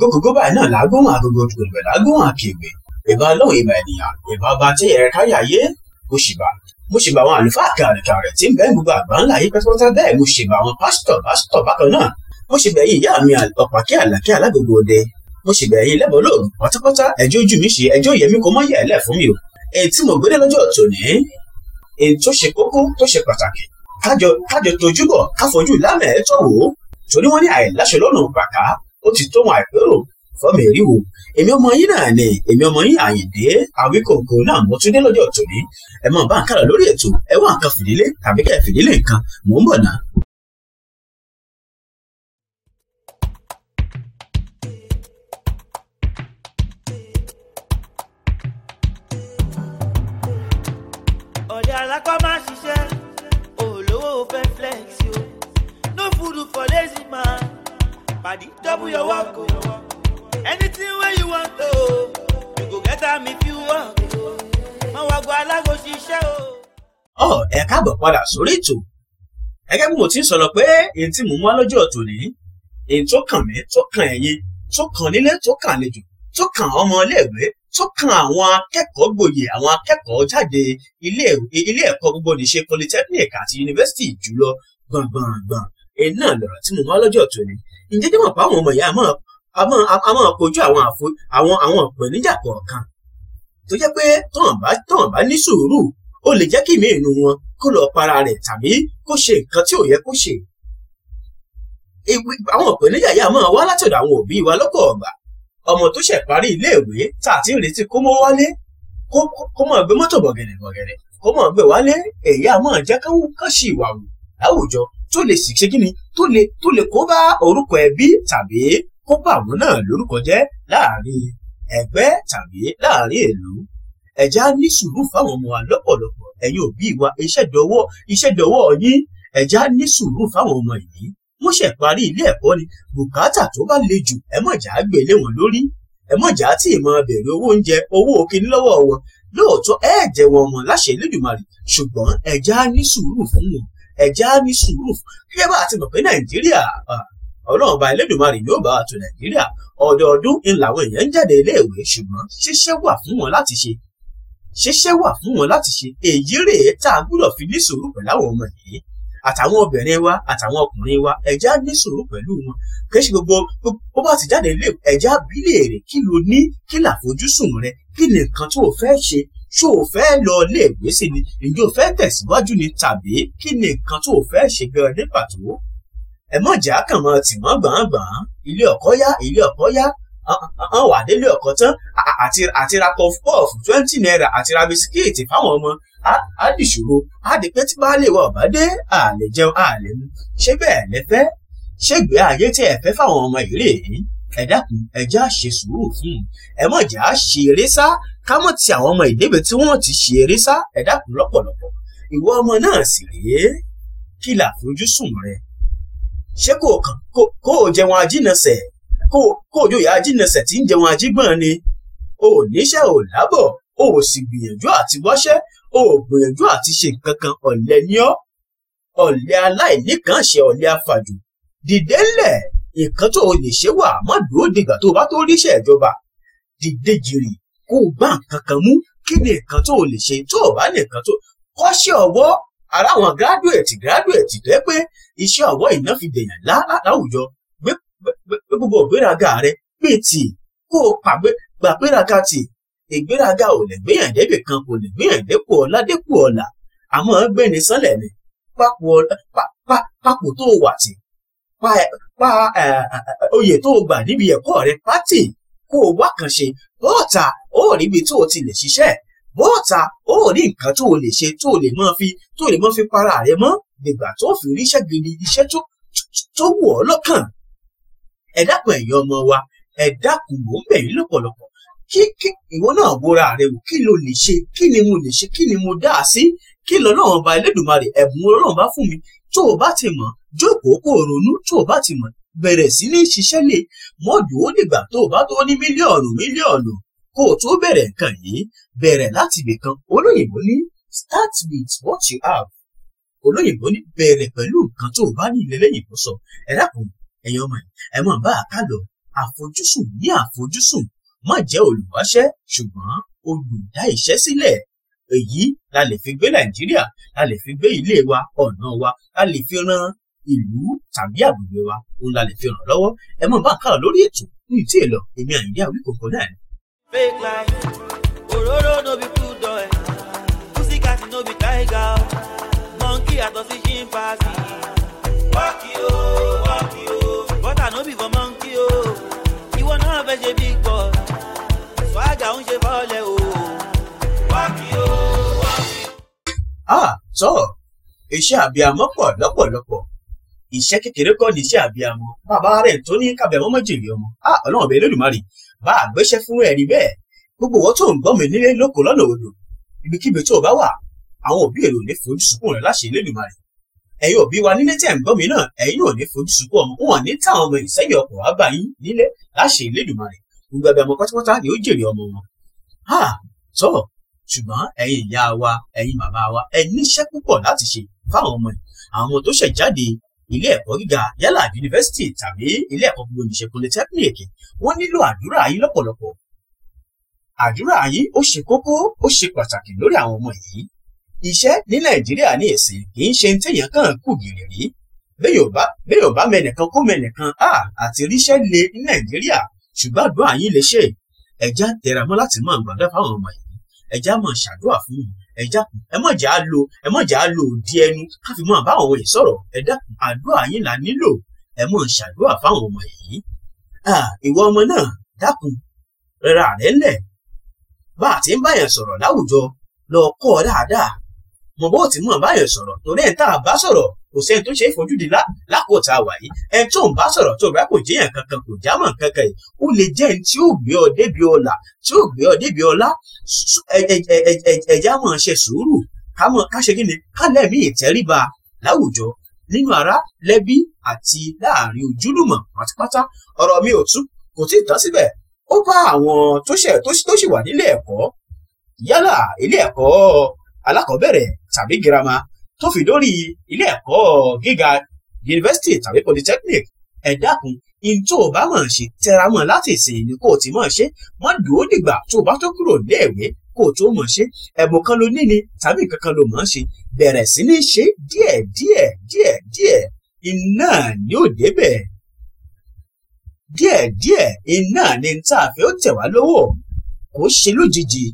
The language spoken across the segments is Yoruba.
kògókògó báyìí náà lágùn àgógó gbègbè lágùn àkègbè ìbá lóhùn ìbá ènìyàn ìbá bá tí ẹ̀rẹ́ káyà yé mo ṣì bá mo ṣì bá àwọn àlùfáà kàrẹ̀kàrẹ̀ tí ń bẹ́ẹ̀ gbogbo àgbà ńlá yìí pátápátá bẹ́ẹ̀ mo ṣì bá àwọn pásítọ̀ pásítọ̀ bákan náà mo ṣì bẹ̀ yìí ìyá mi ọ̀pàkí àlàkí alágbègbè òde mo ṣì bẹ̀ yìí lẹ́bọ̀ lóògùn pátápátá ẹjọ́ ojú mi ṣe ẹjọ́ ìyẹmí kò mọ́ yẹ ẹ̀lẹ́ fún mi o èyí tí mo gbé dé lọ́jọ́ tòní èyí tó ṣe kókó tó ṣe pàtàkì kájọ kájọ tójú bọ̀ káfojú lámẹ̀ẹ́tọ̀ wò torí wọ́n ní àìláṣẹ lọ́nà pàkà o ti tó wọn àpérò fọmẹríwò èmi ọmọ yín náà ni èmi ọmọ yín àyìndé àwíkòǹkò náà mo tún dé lọ́jọ́ tòní ẹ mọ̀ bá ń lórí ètò ẹ wá nǹkan fìdílé tàbí kẹ́ fìdílé nǹkan mò ń bọ̀ náà. alákọ̀ máa ṣiṣẹ́ olówó fẹ́ flex o no food for lazy man. Body, double your work. Oh. Anything where you want to, oh. you go get am if you work. Oh. Mo wá gba alágò ṣiṣẹ́ o. Ọ̀ ẹ káàbọ̀ padà sórí ètò. Gẹ́gẹ́ bí mo ti ń sọ̀rọ̀ pé èyí tí mò ń wá lọ́jọ́ tòní, èyí tó kàn mí, tó kàn ẹ̀yin, tó kàn nílé, tó kàn àlejò, tó kàn ọmọ iléèwé, tó kan àwọn akẹ́kọ̀ọ́ gboyè àwọn akẹ́kọ̀ọ́ jáde ilé ẹ̀kọ́ gbogbo nìṣe polytechnic àti yunifásitì jùlọ gbọ̀ngbọ̀ngbọ̀n èyí náà lọ̀rọ̀ tí mo mọ́ lọ́jọ́ tòní ǹjẹ́ jẹ́ mọ̀ pa àwọn ọmọ ìyá a máa kojú àwọn àwọn àwọn ìpèníjà kọ̀ọ̀kan tó jẹ́ pé tọ́n bá tọ́n bá ní sùúrù ó lè jẹ́ kí ìmí inú wọn kó lọ para rẹ̀ tàbí kó ṣe nǹkan tí ò yẹ kó ṣe àwọn ìpèníjà yìí a máa wá látọ̀dọ̀ àwọn òbí wa lọ́kọ̀ ọ̀gbà ọmọ tó ṣẹ̀ parí iléèwé tá a ti ń retí kó mọ́ wálé kó mọ̀ gbé mọ́tò bọ̀gẹ̀dẹ̀ bọ̀gẹ̀dẹ̀ kó mọ̀ gbé wálé èyí a máa jẹ́ káwọn kan ṣì wà tó lè sì ṣe kí ni tó lè tó lè kó bá orúkọ ẹbí tàbí kó bá àwọn náà lórúkọ jẹ́ láàrin ẹgbẹ́ tàbí láàrin ìlú ẹ̀já ní sùúrù fáwọn ọmọ wa lọ́pọ̀lọpọ̀ ẹ̀yin òbí wa iṣẹ́dọ̀wọ́ iṣẹ́dọ̀wọ́ yín ẹ̀já ní sùúrù fáwọn ọmọ yìí wọ́n ṣẹ̀ parí ilé ẹ̀kọ́ ni bùkátà tó bá le jù ẹ mọ̀já gbé lé wọn lórí ẹ mọ̀já tí ìmọ̀ bẹ̀rẹ̀ owó oúnjẹ owó òkìní lọ́wọ́ wọn lóòótọ́ ẹ̀ẹ́dẹ̀ wọn mọ̀ láṣẹ Elédùmarè ṣùgbọ́n ẹ̀já ní sùúrù fún wọn ẹ̀já ní sùúrù gẹ́gẹ́ bá a ti mọ̀ pé nàìjíríà ọlọ́run ọba ẹlẹ́dùnmarè yóò bá wa tó nàìjíríà ọdọọdún ń làwọn èèyàn ń jáde iléèwé ṣùgbọ́n ṣíṣẹ́ wà fún wọn láti ṣe ṣíṣẹ́ wà fún wọn láti ṣe èyí rèé tá a gbúdọ̀ fi ní sùúrù pẹ̀lú àwọn ọmọ yìí àtàwọn obìnrin wa àtàwọn ọkùnrin wa ẹ̀já ní sùúrù pẹ̀lú wọn kì í ṣe gbogbo bó bá ti jáde ilé ẹ̀já bílẹ̀ rẹ̀ kí lo ní kí làfojúsùn rẹ kí nìkan tó o fẹ́ ṣe ṣó o fẹ́ lọ iléèwé sí ni ǹjẹ́ o fẹ́ tẹ̀síwájú ni tàbí kí ni nǹkan tó o fẹ́ ṣe gan ní pàtó ẹ mọ̀ jà kàn mọ́ tì mọ́ gbọ̀ngbọ̀n ilé ọ̀kọ́ yá ilé ọ̀kọ́ yá hàn wà délé ọ̀kọ́ tán àti ra puff puff twenty naira àti ra bisikíìtì fáwọn ọmọ á di ṣòro á di pé tí baálé wa ọ̀bá dé à lè jẹun à lè mu ṣé bẹ́ẹ̀ lẹ fẹ́ ṣègbè ayé tí ẹ fẹ́ fáwọn ọmọ yìí rèé ẹ dákun ẹ já ṣe sùúrù fún un ẹ mọ̀ jà ṣeré sá ká mọ̀ ti àwọn ọmọ ìdébẹ̀ tí wọ́n ti ṣe eré sá ẹ̀dá kù lọ́pọ̀lọpọ̀ ìwọ ọmọ náà sì rèé kí là fojú sùn rẹ ṣé kò kó o jẹun ajínasẹ̀ kó o jòyà ajínasẹ̀ tí ń jẹun ajígbọ̀n ni o níṣẹ́ ò lábọ̀ o sì gbìyànjú àti wáṣẹ́ o gbìyànjú àti ṣe nǹkan kan ọ̀lẹ ní ọ́ ọ̀lẹ aláìníkànṣe ọ̀lẹ afàjù dìde ńlẹ̀ nǹkan tó o lè ṣe wà má dúró dìgbà tó o bá tó ríṣẹ́ ìjọba dìde jìrì kó o gbá nǹkan kan mú kí ni nǹkan tó o lè ṣe tó o bá lè nǹkan tó kọ́ṣẹ́ ọwọ́ ara àwọn gíráduẹ̀tì gíráduẹ̀tì rẹ pé iṣẹ́ ọwọ́ iná fi dèèyàn láwùjọ gbé gbogbo ìgbéraga rẹ gbé tì kó o pàgbé gbà gbéraga tì ìgbéraga ò lè gbéyàn débì kan kò lè gbéyàn dépò ọlá dépò ọlà àmọ́ gbéni sánlẹ̀ ni papò tó wà tì pa oyè tó gbà níbi ẹ̀kọ́ rẹ pátì kó o wá kàn ṣe bó ta ó rí ibi tó o ti lè ṣiṣẹ́ bó ta ó rí nǹkan tó o lè ṣe tó o lè máa fi tó o lè máa fi para rẹ mọ́ nígbà tó o fi ríṣẹ́ gidi iṣẹ́ tó wù ọ́ lọ́kàn ẹ dákun ẹ̀yin ọmọ wa ẹ dákun mò ń bẹ̀ yín lọ́pọ̀lọpọ̀ kí kí ìwọ náà wòra rẹ wò kí lo lè ṣe kí ni mo lè ṣe kí ni mo dá sí kí lọ́lọ́run ba Ẹlẹ́dùmarè ẹ̀bùn Ọlọ́run bá fún mi tó o bá ti mọ̀ jókòó kó o ronú tó o bá ti mọ̀ bẹ̀rẹ̀ sí ní ṣiṣẹ́ lè mọ́jú ó dìgbà tó bá tó ní mílíọ̀nù mílíọ̀nù kó o tó bẹ̀rẹ̀ nǹkan yìí bẹ̀rẹ̀ láti ibìkan olóyìnbó ní start with what you have olóyìnbó ní bẹ̀rẹ̀ pẹ̀lú nǹkan tó bá ní ilẹ̀ lẹ́yìnbó sọ ẹ dákun ẹ̀yin ọmọ ẹ̀ mọ̀ bá a ká lọ àfojúsùn ní àfojúsùn má jẹ́ olùwáṣẹ́ ṣùgbọ́n olùdá iṣẹ́ sílẹ̀ èyí la lè fi gbé nàìjíríà la lè fi gbé ilé wa ọ̀nà wa la lè fi ran ìlú tàbí àgbègbè wa òun la lè fi ràn lọ́wọ́ ẹ mọ̀ bá kàrọ̀ lórí ètò ní ìtí èlò èmi àyíndé àwọn ìkòkò náà ni. fake life òróró no be cool dog pussycat no be tiger monkey yàtọ̀ sí chimpanzee. wákì o wákì o bọ́tà no be for monkey o oh. ìwọ náà fẹ́ ṣe big boss swagger ń ṣe fọ́lẹ̀ o wákì o wákì. àtọ̀ iṣẹ́ àbíamọ́ pọ̀ lọ́pọ̀lọpọ̀ iṣẹ́ kékeré kọ́ ní iṣẹ́ àbíamọ bàbá rẹ̀ tó ní kábíamọ má jèrè ọmọ á ọlọ́run ọbẹ̀ lódùmarè bá a gbéṣẹ́ fún ẹ̀rí bẹ́ẹ̀ gbogbo wọn tó ń gbọ́ mi nílé lóko lọ́nà odò ibikíbi tó o bá wà àwọn òbí èrò ní fojú sunkún rẹ̀ láṣẹ lódùmarè ẹ̀yin òbí wa nílé tẹ̀ ń gbọ́ mi náà ẹ̀yin ò ní fojú sunkún ọmọ wọn ní táwọn ọmọ ìsẹ́yìn ọkọ̀ wá ha tọ́ ṣùgbọ́n ẹ̀yin ìyá wa ẹ̀yin wa ẹ níṣẹ́ púpọ̀ láti ṣe fáwọn ọmọ yìí àwọn ọmọ tó ṣẹ̀ jáde ilé ẹ̀kọ́ gíga yálà yunifásitì tàbí ilé ẹ̀kọ́ gbogbonìṣe polytechnic wọ́n nílò àdúrà yín lọ́pọ̀lọpọ̀ àdúrà yín ó ṣe kókó ó ṣe pàtàkì lórí àwọn ọmọ yìí iṣẹ́ ní nàìjíríà ní ìsìn kì í ṣe téèyàn kàn kù gìrì rí bẹ́yọ̀bá bẹ́yọ̀bá mẹ́nìkan kó mẹ́nìkan a àti ríṣẹ́ le ní nàìjíríà ṣùgbọ́n àdúrà yín lè ṣe ẹ̀já tẹramọ́ láti máa gbàdúrà fáwọn ọmọ yìí ẹ̀já máa ṣàdúrà fún wọn ẹ jákun ẹ mọ̀ jà á lo ẹ mọ̀ jà á lo òdi ẹnu ká fi mọ àbáwọn òye sọ̀rọ̀ ẹ dákun àdúrà yín là nílò ẹ mọ̀ ṣàdúrà fáwọn ọmọ yìí. ìwọ ọmọ náà dákun rẹra rẹ lẹ̀ bá a ti ń báyẹn sọ̀rọ̀ láwùjọ lọ kọ́ ọ dáadáa mọ̀ bó ti mọ̀ báyẹn sọ̀rọ̀ torí ẹ̀ tá a bá sọ̀rọ̀ kò sẹ́ni tó ṣe é fojú di lákòóta wà yìí ẹni tó ń bá sọ̀rọ̀ tó bá kò jẹ́yàn kankan kò jámọ̀ kankan yìí ó lè jẹ́ ẹni tí ó gbé ọ débi ọlà tí ó gbé ọ débi ọlá ẹ̀já mọ̀ ṣe sùúrù ká ṣe kí ni ká lẹ́mí ìtẹríba láwùjọ nínú ara lẹ́bí àti láàrin ojúlùmọ̀ pátápátá ọ̀rọ̀ mi ò tú kò tí ì tán síbẹ̀ ó bá àwọn tó ṣì wà nílé ẹ̀kọ́ yálà ilé ẹ̀kọ́ alákọ̀ọ́bẹ̀rẹ̀ tàbí girama tó fi dórí ilé ẹ̀kọ́ gíga yunifásitì tàbí polytechnic ẹ dákun in tó o bá mọ̀ ṣe tẹra mọ́ láti ìsìn ni kó o ti mọ̀ ṣe mọ́ dùn ó dìgbà tó o bá tó kúrò léèwé kó o tó mọ̀ ṣe ẹ̀bùn kan ló ní ni tàbí nǹkan kan ló mọ̀ ṣe bẹ̀rẹ̀ sí ní ṣe díẹ̀ díẹ̀ díẹ̀ díẹ̀ iná ni ó débẹ̀ díẹ̀ díẹ̀ iná ni tá a fẹ́ ó tẹ̀ wá lọ́wọ́ kò ṣe lójijì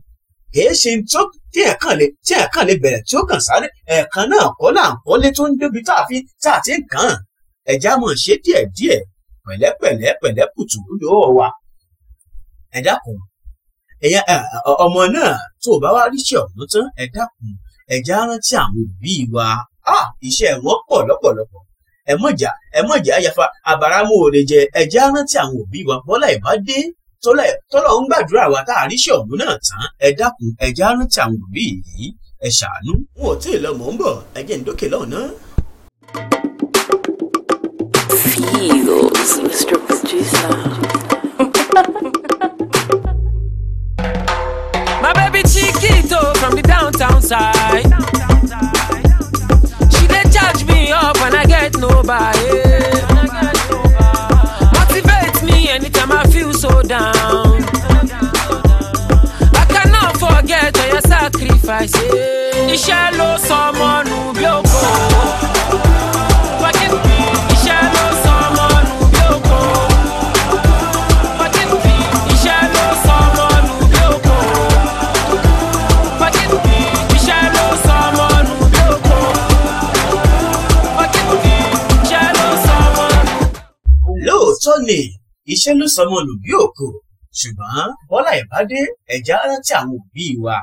kìí ṣe tí tí ẹ̀ lè tí ẹ̀ lè bẹ̀rẹ̀ tí ó kàn sáré ẹ̀ẹ̀kan náà kọ́ là ń kọ́lé tó ń débi tá a fi tá a ti ń kàn án ẹ̀já mọ̀ ṣe díẹ̀díẹ̀ pẹ̀lẹ́pẹ̀lẹ́ pẹ̀lẹ́ kùtù yóò wà ẹ dákun ẹ̀yà ọmọ náà tó o bá wá ríṣẹ́ ọ̀hún tán ẹ dákun ẹ̀já rántí àwọn òbí wa iṣẹ́ wọn pọ̀ lọ́pọ̀lọpọ̀ ẹ mọ̀jà ẹ mọ̀jà òde jẹ ẹ̀já rántí àwọn òbí wa bọ́lá ìbá dé tólẹ̀ tọ́lọ̀ ń gbàdúrà wa tá a ríṣẹ́ ọ̀hún náà tán ẹ dákun ẹ já rántí àwọn òbí yìí ẹ ṣàánú. wọn ò tí ì lọ mọ̀ ń bọ̀ ẹ jẹ́ ń lọ́nà. My baby Chiquito from the downtown side. She dey charge me up when I get no buy. sacrifice. iṣẹ́ ló sọ ọmọ nù bí òkò. iṣẹ́ ló sọ ọmọ nù bí ṣùgbọ́n bọ́lá ìbádé ẹ̀já rántí àwọn òbí wa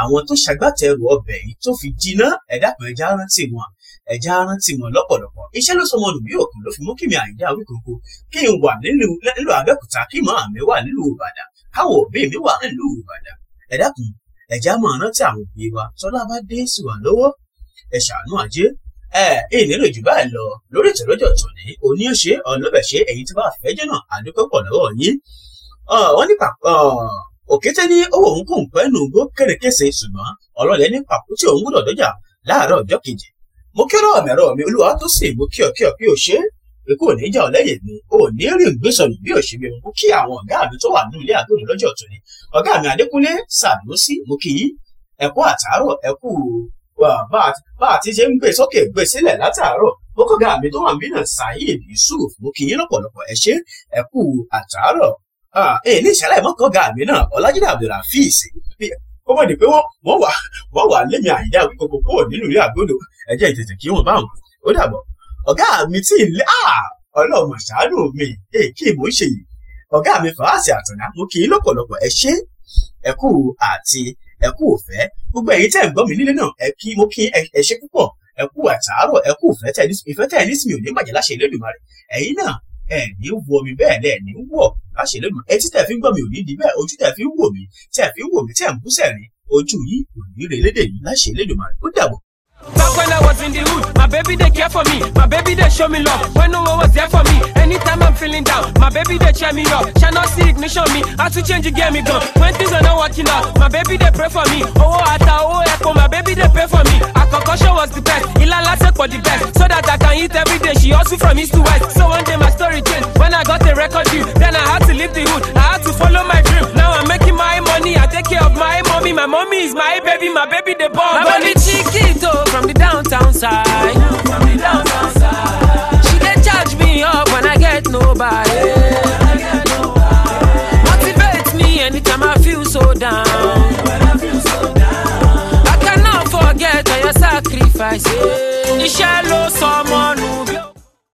àwọn tó ṣagbátẹrù ọbẹ̀ yìí tó fi jiná ẹ̀dá kan ẹ̀já rántí wọn ẹ̀já rántí wọn lọ́pọ̀lọpọ̀ iṣẹ́ ló sọ ọmọdún yóò kù ló fi mú kí mi àyíká wí kókó kí n wà nílùú Abẹ́òkúta kí màá mi wà nílùú Ìbàdàn káwọn òbí mi wà nílùú Ìbàdàn ẹ̀dá kan ẹ̀já máa rántí àwọn òbí wa tọ́lá bá dé sí wa lọ́wọ́ ẹ ṣàánú ajé ẹ nílò jù báyìí lọ lórí ìtọ́lọ́jọ̀ tòní oníyànṣe ọ̀nà bẹ̀ṣẹ̀ èyí tí wàá fẹ́ jẹ́ náà àdúpẹ́ pọ̀ lọ́wọ́ yín Ah, wọ́n ní ah, òkété ní owó òun kò ń pẹ́ nù gbó kérekèsè ṣùgbọ́n ọlọ́lẹ̀ ní pàkó tí òun gbọ́dọ̀ dọ́jà láàárọ̀ ọjọ́ kejì mo kí ọ̀rọ̀ mi ọ̀rọ̀ mi olúwa tó sì mú kí ọ kí ọ kí o ṣe é kò ní já ọ lẹ́yìn mi ò ní rí ìgbésọ̀nù bí òṣè mi mú kí àwọn ọ̀gá mi tó wà nínú ilé àgbòdo lọ́jọ́ tó ní ọ̀gá mi adékúnlé sàdúnsí mo kì í ẹ̀kú àtàárọ̀ ẹ̀kú bá a ti ṣe ń gbé sókè gbé sílẹ̀ látàárọ̀ mo kọ̀gá mi tó wà nínú sàyè ìṣúrù mo kì í lọ́pọ̀lọpọ̀ ẹ ṣé ẹ̀kú àtàárọ̀ ah, èyí ní ìṣẹ̀lẹ̀ mọ́kànga mi náà ọ̀làjìdá abdulrafis ó mọ̀ ní pé wọ́n wà wọ́n wà lẹ́yìn àyíká gbogbo kúrò nínú ilé àgbòdo ẹ̀jẹ̀ ìtètè kí wọ́n bá wọn ó dàbọ̀ ọ̀gá mi tí ń lé ọlọ́run àṣàánú mi kí mò ń ṣe yìí ọ̀gá mi fàáṣì àtàná mo kì í lọ́pọ̀lọpọ̀ ẹ ṣé ẹ kú àti ẹ kú òfẹ́ gbogbo èyí tẹ̀ ń gbọ́ mi nílé náà ẹ kí mo kí ẹ ṣé púpọ̀ ẹ kú àtàárọ̀ ẹ kú ìfẹ́ tẹ̀ ní ìfẹ́ tẹ̀ ní sinmi ò ní bàjẹ́ láṣẹ Elédùmarè ẹ̀yin náà ẹ̀ní wo mi bẹ́ẹ̀ lẹ́ ẹ̀ní wọ̀ láṣẹ lẹ́nu etí tẹ̀ fi ń gbọ́ mi ò ní di ojú tẹ̀ fi ń wò mí tẹ̀ fi ń wò mí tẹ̀ ń bú sẹ̀rin ojú yìí ò ní rè lédè yìí láṣẹ lẹ́dùnmọ́ ó dàbọ̀. Back when I was in the hood, my baby they care for me, my baby they show me love. When no one was there for me, anytime I'm feeling down, my baby they cheer me up. Channel see ignition me, how to change the game me gone. When things are not working out, my baby they pray for me. Oh, oh ata oh, oh echo, my baby they pray for me. A concussion was the best, Ilala took for the best, so that I can eat every day. She also from east to west, so one day my story changed. When I got the record deal, then I had to leave the hood, I had to follow my dream. Now I'm making my money, I take care of my mommy, my mommy is my baby, my baby they born. sacrifice. iṣẹ́ ló sọ ọmọ nù